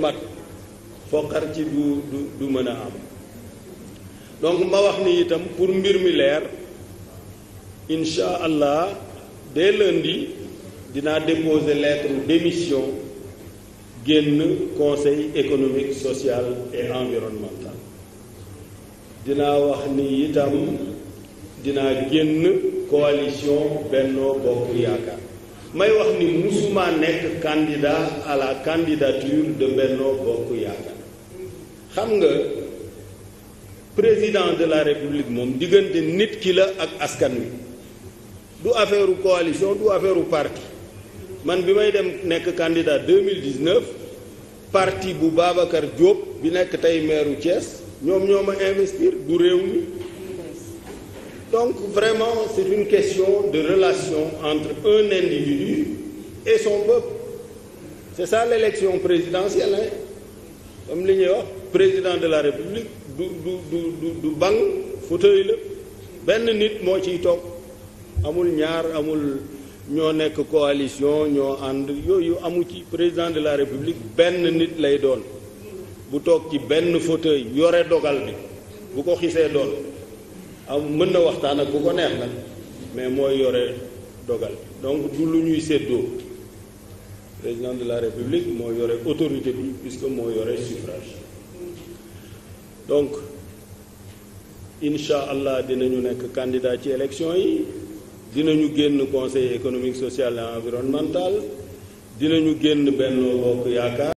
mat foqar ci du du du mën a am donc ma wax ni itam pour mbir mi leer incha allah dès lundi dinaa déposer lettre démission génn conseil économique social et environnemental dinaa wax ni itam dinaa génn coalition Benno Bokk Yaakaar may wax ni musuma nekk candidat à la candidature de Benno Bokk Yaakaar xam nga président de la république moom diggante nit ki la ak askan wi du affaire coalition du affaire parti man bi may dem nekk candidat 2019 parti bu Babacar Diop bi nekk tey maire Thiès ñoom ñoo ma investir du réew mi Donc vraiment, c'est une question de relation entre un individu et son peuple. C'est ça l'élection présidentielle. Hein? Comme li ñuy wax président de la République du du du du fauteuil la benn nit moo ciy toog amul ñaar amul ñoo nekk coalition ñoo ànd yooyu amu ci président de la République benn nit lay doon bu toog ci benn fauteuil yore dogal bi bu ko xisee doon am mën na waxtaan ak ku ko neex nag mais mooy yore dogal donc du lu ñuy séddoo président de la république moo yore autorité bi puisque moo yore suffrage donc incha allah ñu nekk candidat ci élection yi dinañu génn conseil économique social et environnemental dinañu génn Benno Bokk Yaakaar